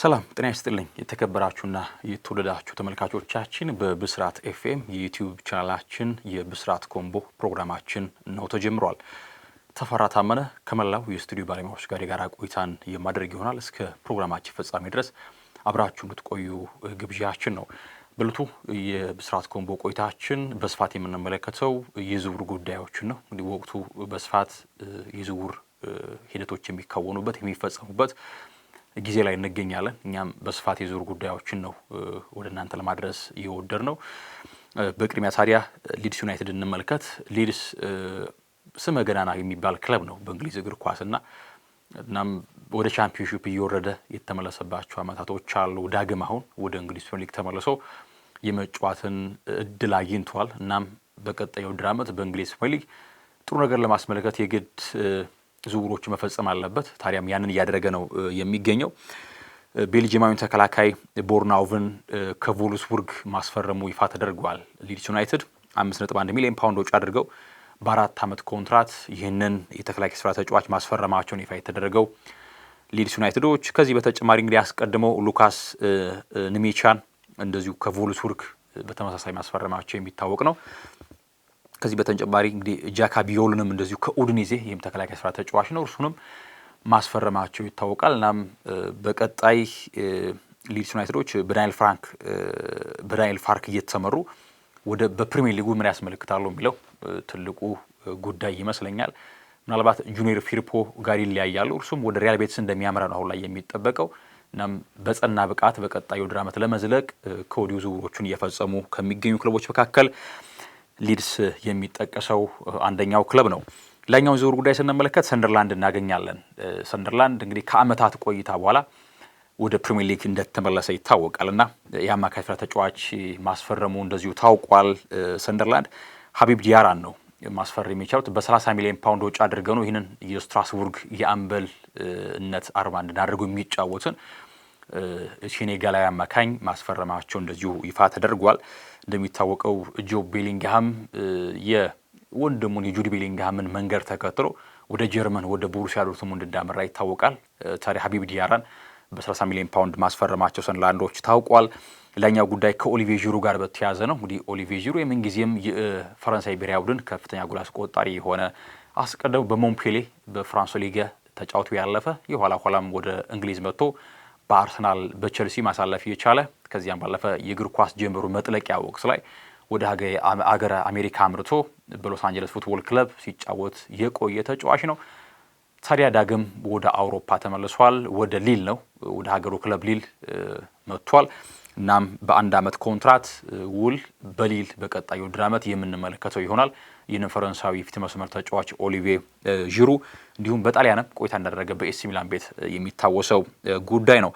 ሰላም ጤና ይስጥልኝ። የተከበራችሁና የተወደዳችሁ ተመልካቾቻችን በብስራት ኤፍኤም የዩቲዩብ ቻናላችን የብስራት ኮምቦ ፕሮግራማችን ነው ተጀምሯል። ተፈራ ታመነ ከመላው የስቱዲዮ ባለሙያዎች ጋር የጋራ ቆይታን የማድረግ ይሆናል። እስከ ፕሮግራማችን ፍጻሜ ድረስ አብራችሁ ልትቆዩ ግብዣችን ነው። ብልቱ የብስራት ኮምቦ ቆይታችን በስፋት የምንመለከተው የዝውውር ጉዳዮችን ነው። እንግዲህ ወቅቱ በስፋት የዝውውር ሂደቶች የሚከወኑበት የሚፈጸሙበት ጊዜ ላይ እንገኛለን። እኛም በስፋት የዞር ጉዳዮችን ነው ወደ እናንተ ለማድረስ እየወደር ነው። በቅድሚያ ታዲያ ሊድስ ዩናይትድ እንመልከት። ሊድስ ስመ ገናና የሚባል ክለብ ነው በእንግሊዝ እግር ኳስና እናም ወደ ቻምፒዮንሺፕ እየወረደ የተመለሰባቸው አመታቶች አሉ። ዳግም አሁን ወደ እንግሊዝ ፕሪሚየር ሊግ ተመልሶ የመጫወትን እድል አግኝቷል። እናም በቀጣዩ ድር አመት በእንግሊዝ ፕሪሚየር ሊግ ጥሩ ነገር ለማስመልከት የግድ ዝውውሮች መፈጸም አለበት። ታዲያም ያንን እያደረገ ነው የሚገኘው። ቤልጅማዊን ተከላካይ ቦርናውቭን ከቮልስቡርግ ማስፈረሙ ይፋ ተደርጓል። ሊድስ ዩናይትድ 5.1 ሚሊዮን ፓውንድ ወጪ አድርገው በአራት ዓመት ኮንትራት ይህንን የተከላካይ ስፍራ ተጫዋች ማስፈረማቸውን ይፋ የተደረገው ሊድስ ዩናይትዶች ከዚህ በተጨማሪ እንግዲህ አስቀድመው ሉካስ ንሜቻን እንደዚሁ ከቮልስቡርግ በተመሳሳይ ማስፈረማቸው የሚታወቅ ነው። ከዚህ በተጨማሪ እንግዲህ ጃካ ቢዮሉንም እንደዚሁ ከኡድኒዜ ይህም ተከላካይ ስፍራ ተጫዋች ነው። እርሱንም ማስፈረማቸው ይታወቃል። እናም በቀጣይ ሊድስ ዩናይትዶች በዳንኤል ፍራንክ በዳንኤል ፋርክ እየተሰመሩ ወደ በፕሪሚየር ሊጉ ምን ያስመለክታሉ የሚለው ትልቁ ጉዳይ ይመስለኛል። ምናልባት ጁኒየር ፊርፖ ጋር ይለያያሉ። እርሱም ወደ ሪያል ቤትስ እንደሚያምራ ነው አሁን ላይ የሚጠበቀው። እናም በጸና ብቃት በቀጣዩ ውድድር ዓመት ለመዝለቅ ከወዲሁ ዝውውሮቹን እየፈጸሙ ከሚገኙ ክለቦች መካከል ሊድስ የሚጠቀሰው አንደኛው ክለብ ነው። ሌላኛውን ዝውውር ጉዳይ ስንመለከት ሰንደርላንድ እናገኛለን። ሰንደርላንድ እንግዲህ ከአመታት ቆይታ በኋላ ወደ ፕሪሚየር ሊግ እንደተመለሰ ይታወቃል እና የአማካይ ስፍራ ተጫዋች ማስፈረሙ እንደዚሁ ታውቋል። ሰንደርላንድ ሀቢብ ዲያራን ነው ማስፈር የሚቻሉት በ30 ሚሊዮን ፓውንድ ወጪ አድርገው ነው ይህንን የስትራስቡርግ የአምበልነት አርማ እንድናደርገው የሚጫወትን ሴኔ ጋላዊ አማካኝ ማስፈረማቸው እንደዚሁ ይፋ ተደርጓል። እንደሚታወቀው ጆ ቤሊንግሃም የወንድሙን የጁድ ቤሊንግሃምን መንገድ ተከትሎ ወደ ጀርመን ወደ ቦሩሲያ ዶርትሙንድ እንዳመራ ይታወቃል። ታዲያ ሀቢብ ዲያራን በ30 ሚሊዮን ፓውንድ ማስፈረማቸው ሰንላንዶች ታውቋል። ሌላኛው ጉዳይ ከኦሊቬ ዢሩ ጋር በተያያዘ ነው። እንግዲህ ኦሊቬ ዢሩ የምንጊዜም የፈረንሳይ ብሔራዊ ቡድን ከፍተኛ ጎል አስቆጣሪ የሆነ አስቀደው በሞንፔሌ በፍራንስ ሊገ ተጫውቶ ያለፈ የኋላ ኋላም ወደ እንግሊዝ መጥቶ በአርሰናል በቸልሲ ማሳለፍ የቻለ ከዚያም ባለፈ የእግር ኳስ ጀምሩ መጥለቂያ ወቅት ላይ ወደ አገረ አሜሪካ አምርቶ በሎስ አንጀለስ ፉትቦል ክለብ ሲጫወት የቆየ ተጫዋች ነው። ታዲያ ዳግም ወደ አውሮፓ ተመልሷል። ወደ ሊል ነው ወደ ሀገሩ ክለብ ሊል መጥቷል። እናም በአንድ ዓመት ኮንትራት ውል በሊል በቀጣይ ውድድር ዓመት የምንመለከተው ይሆናል። ይህንን ፈረንሳዊ የፊት መስመር ተጫዋች ኦሊቬ ዥሩ እንዲሁም በጣሊያንም ቆይታ እንዳደረገ በኤሲ ሚላን ቤት የሚታወሰው ጉዳይ ነው።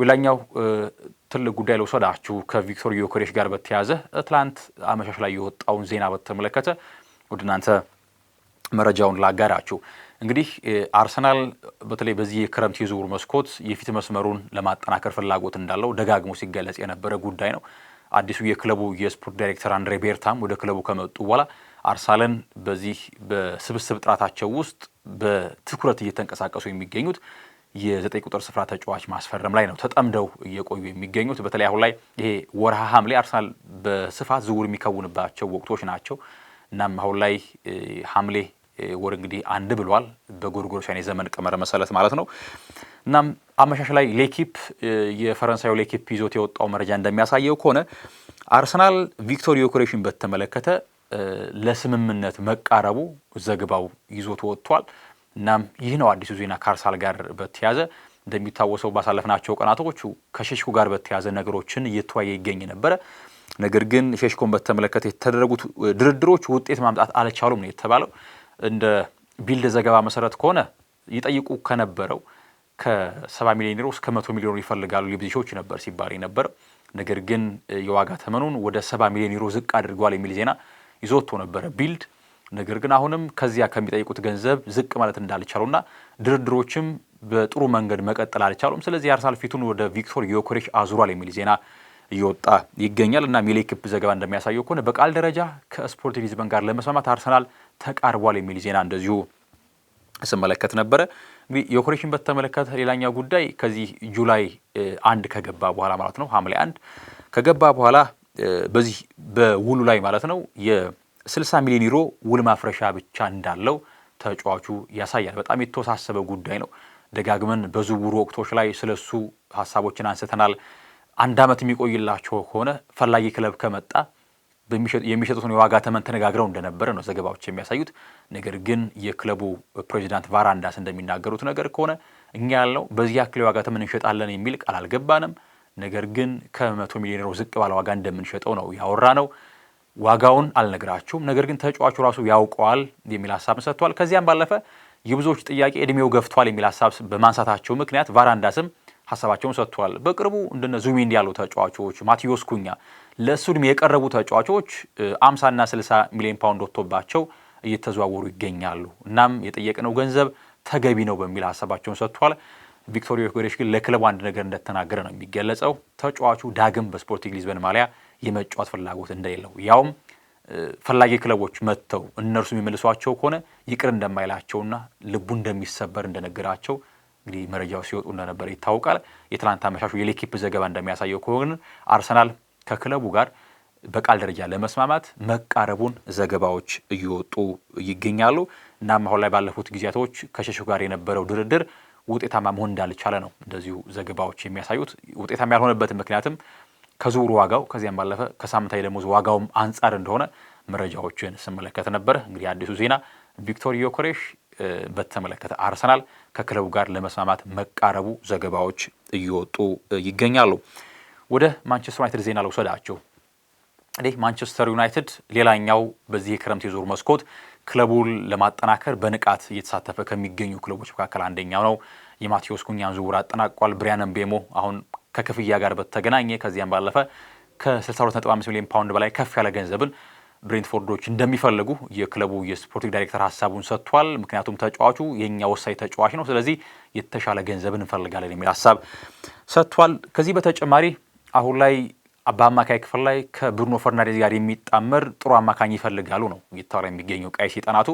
ሌላኛው ትልቅ ጉዳይ ለውሰዳችሁ ከቪክቶር ዮኮሬሽ ጋር በተያዘ ትላንት አመሻሽ ላይ የወጣውን ዜና በተመለከተ ወደ እናንተ መረጃውን ላጋራችሁ። እንግዲህ አርሰናል በተለይ በዚህ የክረምት የዝውውር መስኮት የፊት መስመሩን ለማጠናከር ፍላጎት እንዳለው ደጋግሞ ሲገለጽ የነበረ ጉዳይ ነው። አዲሱ የክለቡ የስፖርት ዳይሬክተር አንድሬ ቤርታም ወደ ክለቡ ከመጡ በኋላ አርሰናልን በዚህ በስብስብ ጥራታቸው ውስጥ በትኩረት እየተንቀሳቀሱ የሚገኙት የዘጠኝ ቁጥር ስፍራ ተጫዋች ማስፈረም ላይ ነው ተጠምደው እየቆዩ የሚገኙት። በተለይ አሁን ላይ ይሄ ወርሃ ሐምሌ አርሰናል በስፋት ዝውውር የሚከውንባቸው ወቅቶች ናቸው። እናም አሁን ላይ ሐምሌ ወር እንግዲህ አንድ ብሏል በጎርጎሮሳውያን የዘመን ቀመረ መሰረት ማለት ነው። እናም አመሻሽ ላይ ሌኪፕ የፈረንሳዩ ሌኪፕ ይዞት የወጣው መረጃ እንደሚያሳየው ከሆነ አርሰናል ቪክቶር ዮኬሬሽን በተመለከተ ለስምምነት መቃረቡ ዘግባው ይዞት ወጥቷል። እናም ይህ ነው አዲሱ ዜና ከአርሰናል ጋር በተያዘ እንደሚታወሰው ባሳለፍናቸው ቀናቶቹ ከሸሽኩ ጋር በተያዘ ነገሮችን እየተወያየ ይገኝ ነበረ። ነገር ግን ሸሽኮን በተመለከተ የተደረጉት ድርድሮች ውጤት ማምጣት አልቻሉም ነው የተባለው። እንደ ቢልድ ዘገባ መሰረት ከሆነ ይጠይቁ ከነበረው ከሰባ ሚሊዮን ዩሮ እስከ መቶ ሚሊዮን ይፈልጋሉ የብዜሾች ነበር ሲባል የነበረው ነገር ግን የዋጋ ተመኑን ወደ ሰባ ሚሊዮን ዩሮ ዝቅ አድርገዋል የሚል ዜና ይዞ ወጥቶ ነበረ ቢልድ። ነገር ግን አሁንም ከዚያ ከሚጠይቁት ገንዘብ ዝቅ ማለት እንዳልቻሉና ድርድሮችም በጥሩ መንገድ መቀጠል አልቻሉም። ስለዚህ አርሰናል ፊቱን ወደ ቪክቶር ዮኬሬሽ አዙሯል የሚል ዜና እየወጣ ይገኛል እና ሚሌ ክብ ዘገባ እንደሚያሳየው ከሆነ በቃል ደረጃ ከስፖርቲንግ ሊዝበን ጋር ለመስማማት አርሰናል ተቃርቧል የሚል ዜና እንደዚሁ ስመለከት ነበረ። እንግዲህ የኦፕሬሽን በተመለከተ ሌላኛው ጉዳይ ከዚህ ጁላይ አንድ ከገባ በኋላ ማለት ነው ሐምሌ አንድ ከገባ በኋላ በዚህ በውሉ ላይ ማለት ነው የ60 ሚሊዮን ዩሮ ውል ማፍረሻ ብቻ እንዳለው ተጫዋቹ ያሳያል። በጣም የተወሳሰበ ጉዳይ ነው። ደጋግመን በዝውውሩ ወቅቶች ላይ ስለሱ ሀሳቦችን አንስተናል። አንድ ዓመት የሚቆይላቸው ከሆነ ፈላጊ ክለብ ከመጣ የሚሸጡትን የዋጋ ተመን ተነጋግረው እንደነበረ ነው ዘገባዎች የሚያሳዩት። ነገር ግን የክለቡ ፕሬዚዳንት ቫራንዳስ እንደሚናገሩት ነገር ከሆነ እኛ ያለው በዚህ ያክል የዋጋ ተመን እንሸጣለን የሚል ቃል አልገባንም። ነገር ግን ከመቶ ሚሊዮን ዩሮ ዝቅ ባለ ዋጋ እንደምንሸጠው ነው ያወራ ነው። ዋጋውን አልነግራችሁም፣ ነገር ግን ተጫዋቹ ራሱ ያውቀዋል የሚል ሀሳብ ሰጥቷል። ከዚያም ባለፈ የብዙዎች ጥያቄ እድሜው ገፍቷል የሚል ሀሳብ በማንሳታቸው ምክንያት ቫራንዳስም ሀሳባቸውን ሰጥቷል። በቅርቡ እንደነ ዙቢሜንዲ ያሉ ተጫዋቾች ማቴዎስ ኩኛ ለእሱ ዕድሜ የቀረቡ ተጫዋቾች አምሳና ስልሳ ሚሊዮን ፓውንድ ወጥቶባቸው እየተዘዋወሩ ይገኛሉ። እናም የጠየቅነው ገንዘብ ተገቢ ነው በሚል ሀሳባቸውን ሰጥቷል። ቪክቶር ዮኬሬሽ ግን ለክለቡ አንድ ነገር እንደተናገረ ነው የሚገለጸው። ተጫዋቹ ዳግም በስፖርቲንግ ሊዝበን ማሊያ የመጫወት ፍላጎት እንደሌለው ያውም ፈላጊ ክለቦች መጥተው እነርሱ የሚመልሷቸው ከሆነ ይቅር እንደማይላቸውና ልቡ እንደሚሰበር እንደነገራቸው እንግዲህ መረጃዎች ሲወጡ እንደነበረ ይታወቃል። የትላንት አመሻሹ የሌኪፕ ዘገባ እንደሚያሳየው ከሆን አርሰናል ከክለቡ ጋር በቃል ደረጃ ለመስማማት መቃረቡን ዘገባዎች እየወጡ ይገኛሉ። እናም አሁን ላይ ባለፉት ጊዜያቶች ከሸሹ ጋር የነበረው ድርድር ውጤታማ መሆን እንዳልቻለ ነው እንደዚሁ ዘገባዎች የሚያሳዩት። ውጤታማ ያልሆነበት ምክንያትም ከዝውውሩ ዋጋው ከዚያም ባለፈ ከሳምንታዊ ደሞዝ ዋጋውም አንጻር እንደሆነ መረጃዎችን ስመለከት ነበር። እንግዲህ አዲሱ ዜና ቪክቶር ዮከሬሽ በተመለከተ አርሰናል ከክለቡ ጋር ለመስማማት መቃረቡ ዘገባዎች እየወጡ ይገኛሉ። ወደ ማንቸስተር ዩናይትድ ዜና ለውሰዳቸው እንዲህ ማንቸስተር ዩናይትድ ሌላኛው በዚህ የክረምት የዞር መስኮት ክለቡን ለማጠናከር በንቃት እየተሳተፈ ከሚገኙ ክለቦች መካከል አንደኛው ነው። የማቴዎስ ኩኛን ዝውውር አጠናቋል። ብሪያንም ቤሞ አሁን ከክፍያ ጋር በተገናኘ ከዚያም ባለፈ ከ62.5 ሚሊዮን ፓውንድ በላይ ከፍ ያለ ገንዘብን ብሬንትፎርዶች እንደሚፈልጉ የክለቡ የስፖርቲንግ ዳይሬክተር ሀሳቡን ሰጥቷል። ምክንያቱም ተጫዋቹ የእኛ ወሳኝ ተጫዋች ነው፣ ስለዚህ የተሻለ ገንዘብ እንፈልጋለን የሚል ሀሳብ ሰጥቷል። ከዚህ በተጨማሪ አሁን ላይ በአማካይ ክፍል ላይ ከብሩኖ ፈርናንዴዝ ጋር የሚጣመር ጥሩ አማካኝ ይፈልጋሉ ነው እየተወራ የሚገኘው ቀይ ሰይጣናቱ።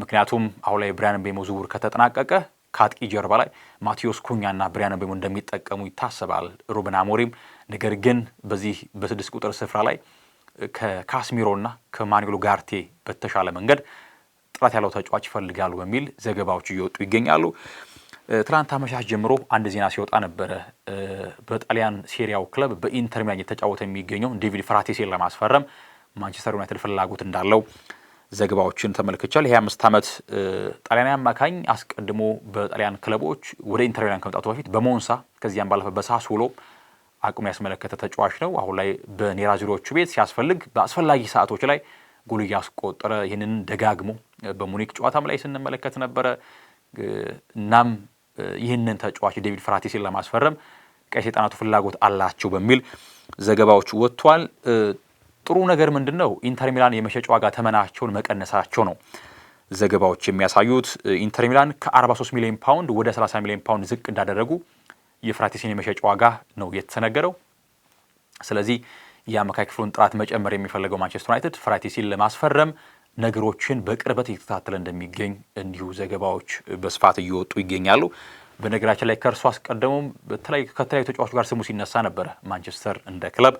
ምክንያቱም አሁን ላይ ብሪያን ቤሞ ዝውውር ከተጠናቀቀ ከአጥቂ ጀርባ ላይ ማቴዎስ ኩኛና ብሪያን ቤሞ እንደሚጠቀሙ ይታሰባል ሩበን አሞሪም። ነገር ግን በዚህ በስድስት ቁጥር ስፍራ ላይ ከካስሚሮና ከማኒሎ ጋርቴ በተሻለ መንገድ ጥራት ያለው ተጫዋች ይፈልጋሉ በሚል ዘገባዎች እየወጡ ይገኛሉ። ትናንት አመሻሽ ጀምሮ አንድ ዜና ሲወጣ ነበረ። በጣሊያን ሴሪያው ክለብ በኢንተር ሚላን እየተጫወተ የሚገኘው ዴቪድ ፍራቴሴን ለማስፈረም ማንቸስተር ዩናይትድ ፍላጎት እንዳለው ዘገባዎችን ተመልክቻል። አምስት ዓመት ጣሊያናዊ አማካኝ አስቀድሞ በጣሊያን ክለቦች ወደ ኢንተር ሚላን ከመጣቱ በፊት በሞንሳ ከዚያም ባለፈ ውሎ አቅሙ ያስመለከተ ተጫዋች ነው። አሁን ላይ በኔራዚሮቹ ቤት ሲያስፈልግ በአስፈላጊ ሰዓቶች ላይ ጎል እያስቆጠረ ይህንን ደጋግሞ በሙኒክ ጨዋታም ላይ ስንመለከት ነበረ። እናም ይህንን ተጫዋች ዴቪድ ፍራቲሲን ለማስፈረም ቀይ ሰይጣናቱ ፍላጎት አላቸው በሚል ዘገባዎች ወጥቷል። ጥሩ ነገር ምንድን ነው? ኢንተር ሚላን የመሸጫ ዋጋ ተመናቸውን መቀነሳቸው ነው ዘገባዎች የሚያሳዩት። ኢንተር ሚላን ከ43 ሚሊዮን ፓውንድ ወደ 30 ሚሊዮን ፓውንድ ዝቅ እንዳደረጉ የፍራቲሲን የመሸጭ ዋጋ ነው የተነገረው። ስለዚህ የአማካይ ክፍሉን ጥራት መጨመር የሚፈልገው ማንቸስተር ዩናይትድ ፍራቲሲን ለማስፈረም ነገሮችን በቅርበት እየተከታተለ እንደሚገኝ እንዲሁ ዘገባዎች በስፋት እየወጡ ይገኛሉ። በነገራችን ላይ ከእርሱ አስቀድሞም ከተለያዩ ተጫዋቾች ጋር ስሙ ሲነሳ ነበረ። ማንቸስተር እንደ ክለብ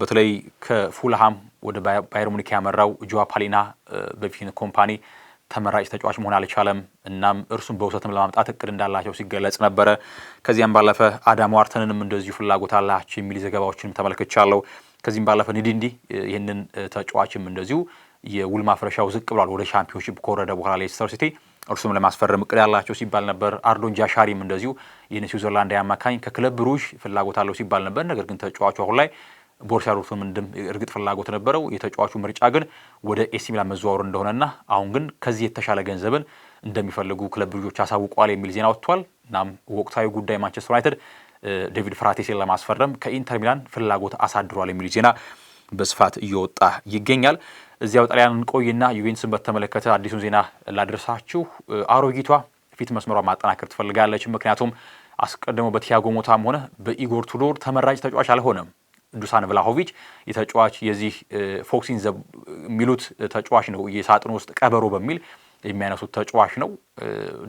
በተለይ ከፉልሃም ወደ ባየር ሙኒክ ያመራው ጆዋ ፓሊና በፊን ኮምፓኒ ተመራጭ ተጫዋች መሆን አልቻለም። እናም እርሱን በውሰትም ለማምጣት እቅድ እንዳላቸው ሲገለጽ ነበረ። ከዚያም ባለፈ አዳም ዋርተንንም እንደዚሁ ፍላጎት አላቸው የሚል ዘገባዎችንም ተመልክቻለሁ። ከዚህም ባለፈ ኒዲንዲ ይህንን ተጫዋችም እንደዚሁ የውል ማፍረሻው ዝቅ ብሏል። ወደ ሻምፒዮንሺፕ ከወረደ በኋላ ሌስተር ሲቲ እርሱም ለማስፈረም እቅድ ያላቸው ሲባል ነበር። አርዶን ጃሻሪም እንደዚሁ ይህን ስዊዘርላንድ አማካኝ ከክለብ ብሩዥ ፍላጎት አለው ሲባል ነበር። ነገር ግን ተጫዋቹ አሁን ላይ ቦሩሲያ ዶርትሙንድም እርግጥ ፍላጎት ነበረው። የተጫዋቹ ምርጫ ግን ወደ ኤሲ ሚላን መዘዋወር እንደሆነና አሁን ግን ከዚህ የተሻለ ገንዘብን እንደሚፈልጉ ክለብ ልጆች አሳውቀዋል የሚል ዜና ወጥቷል። እናም ወቅታዊ ጉዳይ ማንቸስተር ዩናይትድ ዴቪድ ፍራቴሴን ለማስፈረም ከኢንተር ሚላን ፍላጎት አሳድሯል የሚል ዜና በስፋት እየወጣ ይገኛል። እዚያው ጣሊያንን ቆይና ዩቬንትስን በተመለከተ አዲሱን ዜና ላደርሳችሁ። አሮጊቷ ፊት መስመሯ ማጠናከር ትፈልጋለች። ምክንያቱም አስቀድሞ በቲያጎ ሞታም ሆነ በኢጎር ቱዶር ተመራጭ ተጫዋች አልሆነም። ዱሳን ቭላሆቪች የተጫዋች የዚህ ፎክሲን ዘ የሚሉት ተጫዋች ነው። የሳጥን ውስጥ ቀበሮ በሚል የሚያነሱት ተጫዋች ነው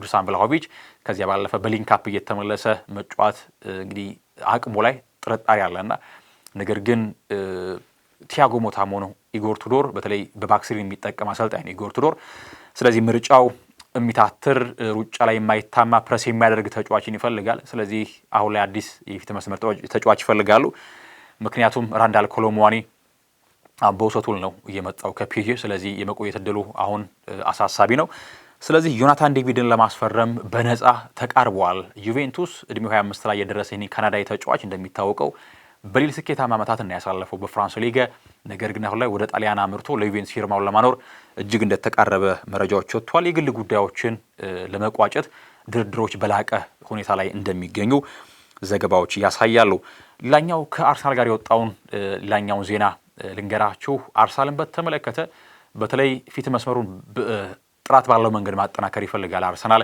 ዱሳን ቭላሆቪች። ከዚያ ባለፈ በሊንካፕ እየተመለሰ መጫወት እንግዲህ አቅሙ ላይ ጥርጣሬ አለና ነገር ግን ቲያጎ ሞታሞ ነው ኢጎር ቱዶር በተለይ በባክስሪ የሚጠቀም አሰልጣኝ ነው ኢጎር ቱዶር። ስለዚህ ምርጫው የሚታትር ሩጫ ላይ የማይታማ ፕረስ የሚያደርግ ተጫዋችን ይፈልጋል። ስለዚህ አሁን ላይ አዲስ የፊት መስመር ተጫዋች ይፈልጋሉ። ምክንያቱም ራንዳል ኮሎሙዋኒ በውሰቱል ነው እየመጣው ከፒጂ ስለዚህ የመቆየት እድሉ አሁን አሳሳቢ ነው። ስለዚህ ዮናታን ዴቪድን ለማስፈረም በነፃ ተቃርበዋል። ዩቬንቱስ እድሜው 25 ላይ የደረሰ ይህ ካናዳዊ ተጫዋች እንደሚታወቀው በሌል ስኬታማ ዓመታትን እና ያሳለፈው በፍራንስ ሊገ። ነገር ግን አሁን ላይ ወደ ጣሊያን አምርቶ ለዩቬንቱስ ፊርማውን ለማኖር እጅግ እንደተቃረበ መረጃዎች ወጥቷል። የግል ጉዳዮችን ለመቋጨት ድርድሮች በላቀ ሁኔታ ላይ እንደሚገኙ ዘገባዎች ያሳያሉ። ሌላኛው ከአርሰናል ጋር የወጣውን ሌላኛውን ዜና ልንገራችሁ። አርሰናልን በተመለከተ በተለይ ፊት መስመሩን ጥራት ባለው መንገድ ማጠናከር ይፈልጋል አርሰናል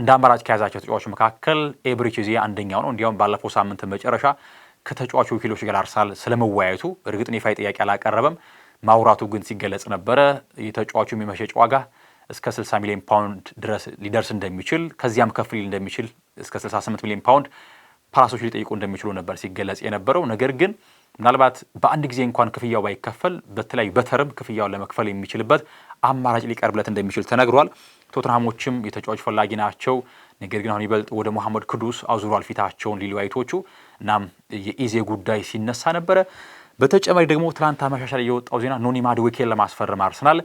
እንደ አማራጭ ከያዛቸው ተጫዋቾች መካከል ኤብሪቺዜ አንደኛው ነው። እንዲያውም ባለፈው ሳምንት መጨረሻ ከተጫዋቹ ወኪሎች ጋር አርሰናል ስለመወያየቱ እርግጥን ይፋዊ ጥያቄ አላቀረበም፣ ማውራቱ ግን ሲገለጽ ነበረ። የተጫዋቹ የመሸጫ ዋጋ እስከ 60 ሚሊዮን ፓውንድ ድረስ ሊደርስ እንደሚችል ከዚያም ከፍ ሊል እንደሚችል እስከ 68 ሚሊዮን ፓውንድ ፓላሶች ሊጠይቁ እንደሚችሉ ነበር ሲገለጽ የነበረው። ነገር ግን ምናልባት በአንድ ጊዜ እንኳን ክፍያው ባይከፈል በተለያዩ በተርም ክፍያውን ለመክፈል የሚችልበት አማራጭ ሊቀርብለት እንደሚችል ተነግሯል። ቶትንሃሞችም የተጫዋች ፈላጊ ናቸው። ነገር ግን አሁን ይበልጥ ወደ መሐመድ ክዱስ አዙሯል ፊታቸውን ሊሉ አይቶቹ። እናም የኢዜ ጉዳይ ሲነሳ ነበረ። በተጨማሪ ደግሞ ትላንት አመሻሻ ላይ የወጣው ዜና ኖኒ ማድዌኬን ለማስፈረም አርሰናል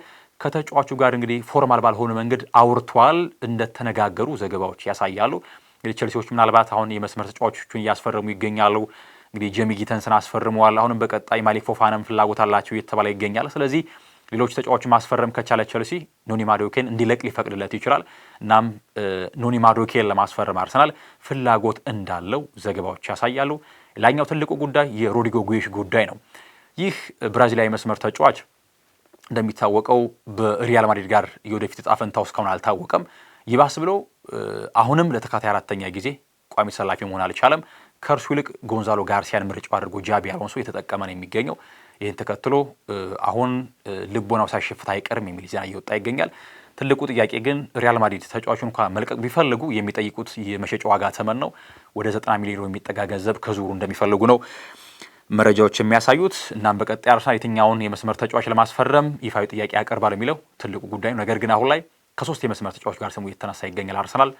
ከተጫዋቹ ጋር እንግዲህ ፎርማል ባልሆነ መንገድ አውርቷል እንደተነጋገሩ ዘገባዎች ያሳያሉ። እንግዲህ ቸልሲዎች ምናልባት አሁን የመስመር ተጫዋቾቹን እያስፈረሙ ይገኛሉ። እንግዲህ ጀሚ ጊተንስን አስፈርመዋል። አሁንም በቀጣይ ማሌክ ፎፋናም ፍላጎት አላቸው እየተባለ ይገኛል። ስለዚህ ሌሎች ተጫዋች ማስፈረም ከቻለ ቸልሲ ኖኒ ማዶኬን እንዲለቅ ሊፈቅድለት ይችላል። እናም ኖኒ ማዶኬን ለማስፈረም አርሰናል ፍላጎት እንዳለው ዘገባዎች ያሳያሉ። ሌላኛው ትልቁ ጉዳይ የሮድሪጎ ጉዌሽ ጉዳይ ነው። ይህ ብራዚላዊ መስመር ተጫዋች እንደሚታወቀው በሪያል ማድሪድ ጋር የወደፊት እጣ ፈንታው እስካሁን አልታወቀም። ይባስ ብሎ አሁንም ለተካታይ አራተኛ ጊዜ ቋሚ ሰላፊ መሆን አልቻለም። ከእርሱ ይልቅ ጎንዛሎ ጋርሲያን ምርጫው አድርጎ ጃቢ አሎንሶ የተጠቀመ ነው የሚገኘው። ይህን ተከትሎ አሁን ልቦናው ሳይሸፍት አይቀርም የሚል ዜና እየወጣ ይገኛል። ትልቁ ጥያቄ ግን ሪያል ማድሪድ ተጫዋቹ እንኳ መልቀቅ ቢፈልጉ የሚጠይቁት የመሸጫ ዋጋ ተመን ነው። ወደ 90 ሚሊዮን የሚጠጋ ገንዘብ ከዙሩ እንደሚፈልጉ ነው መረጃዎች የሚያሳዩት። እናም በቀጣይ አርሰናል የትኛውን የመስመር ተጫዋች ለማስፈረም ይፋዊ ጥያቄ ያቀርባል የሚለው ትልቁ ጉዳይ ነው። ነገር ግን አሁን ላይ ከሶስት የመስመር ተጫዋች ጋር ስሙ እየተነሳ ይገኛል። አርሰናል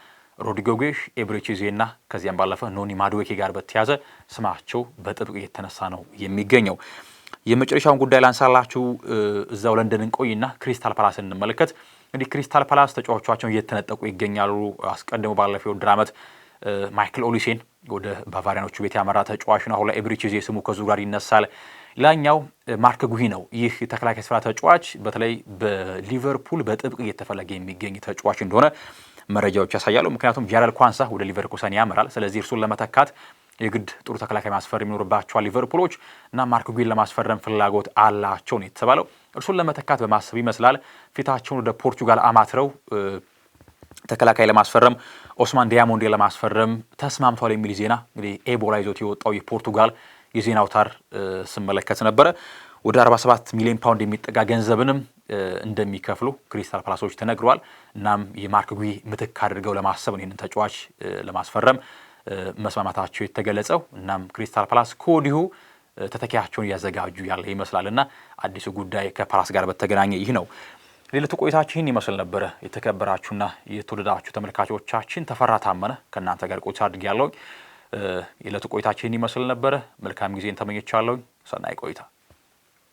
ሮድሪጎ ጉሽ፣ ኤብሬቺዜ እና ከዚያም ባለፈ ኖኒ ማድዌኬ ጋር በተያዘ ስማቸው በጥብቅ እየተነሳ ነው የሚገኘው። የመጨረሻውን ጉዳይ ላንሳላችሁ። እዛው ለንደን እንቆይና ክሪስታል ፓላስ እንመለከት። እንግዲህ ክሪስታል ፓላስ ተጫዋቾቻቸውን እየተነጠቁ ይገኛሉ። አስቀድሞ ባለፈው ውድድር ዓመት ማይክል ኦሊሴን ወደ ባቫሪያኖቹ ቤት ያመራ ተጫዋች ነው። አሁን ላይ ኤብሪቺዜ ስሙ ከዙ ጋር ይነሳል። ሌላኛው ማርክ ጉሂ ነው። ይህ ተከላካይ ስፍራ ተጫዋች በተለይ በሊቨርፑል በጥብቅ እየተፈለገ የሚገኝ ተጫዋች እንደሆነ መረጃዎች ያሳያሉ። ምክንያቱም ጃረል ኳንሳ ወደ ሊቨርኩሰን ያመራል። ስለዚህ እርሱን ለመተካት የግድ ጥሩ ተከላካይ ማስፈር የሚኖርባቸዋል ሊቨርፑሎች እና ማርክ ጉሂን ለማስፈረም ፍላጎት አላቸው ነው የተባለው። እርሱን ለመተካት በማሰብ ይመስላል ፊታቸውን ወደ ፖርቹጋል አማትረው ተከላካይ ለማስፈረም ኦስማን ዲያሞንዴ ለማስፈረም ተስማምቷል የሚል ዜና እንግዲህ ኤቦላ ይዞት የወጣው የፖርቱጋል የዜና አውታር ስመለከት ነበረ። ወደ 47 ሚሊዮን ፓውንድ የሚጠጋ ገንዘብንም እንደሚከፍሉ ክሪስታል ፓላሶች ተነግሯል። እናም የማርክ ጉሂ ምትክ አድርገው ለማሰብ ነው ይህንን ተጫዋች ለማስፈረም መስማማታቸው የተገለጸው። እናም ክሪስታል ፓላስ ከወዲሁ ተተኪያቸውን እያዘጋጁ ያለ ይመስላል እና አዲሱ ጉዳይ ከፓላስ ጋር በተገናኘ ይህ ነው። ሌሊቱ ቆይታችን ይመስል ነበረ። የተከበራችሁና የተወደዳችሁ ተመልካቾቻችን ተፈራ ታመነ ከእናንተ ጋር ቆይታ አድርጌ ያለውኝ የዕለቱ ቆይታችን ይመስል ነበረ። መልካም ጊዜን ተመኝቻለሁኝ። ሰናይ ቆይታ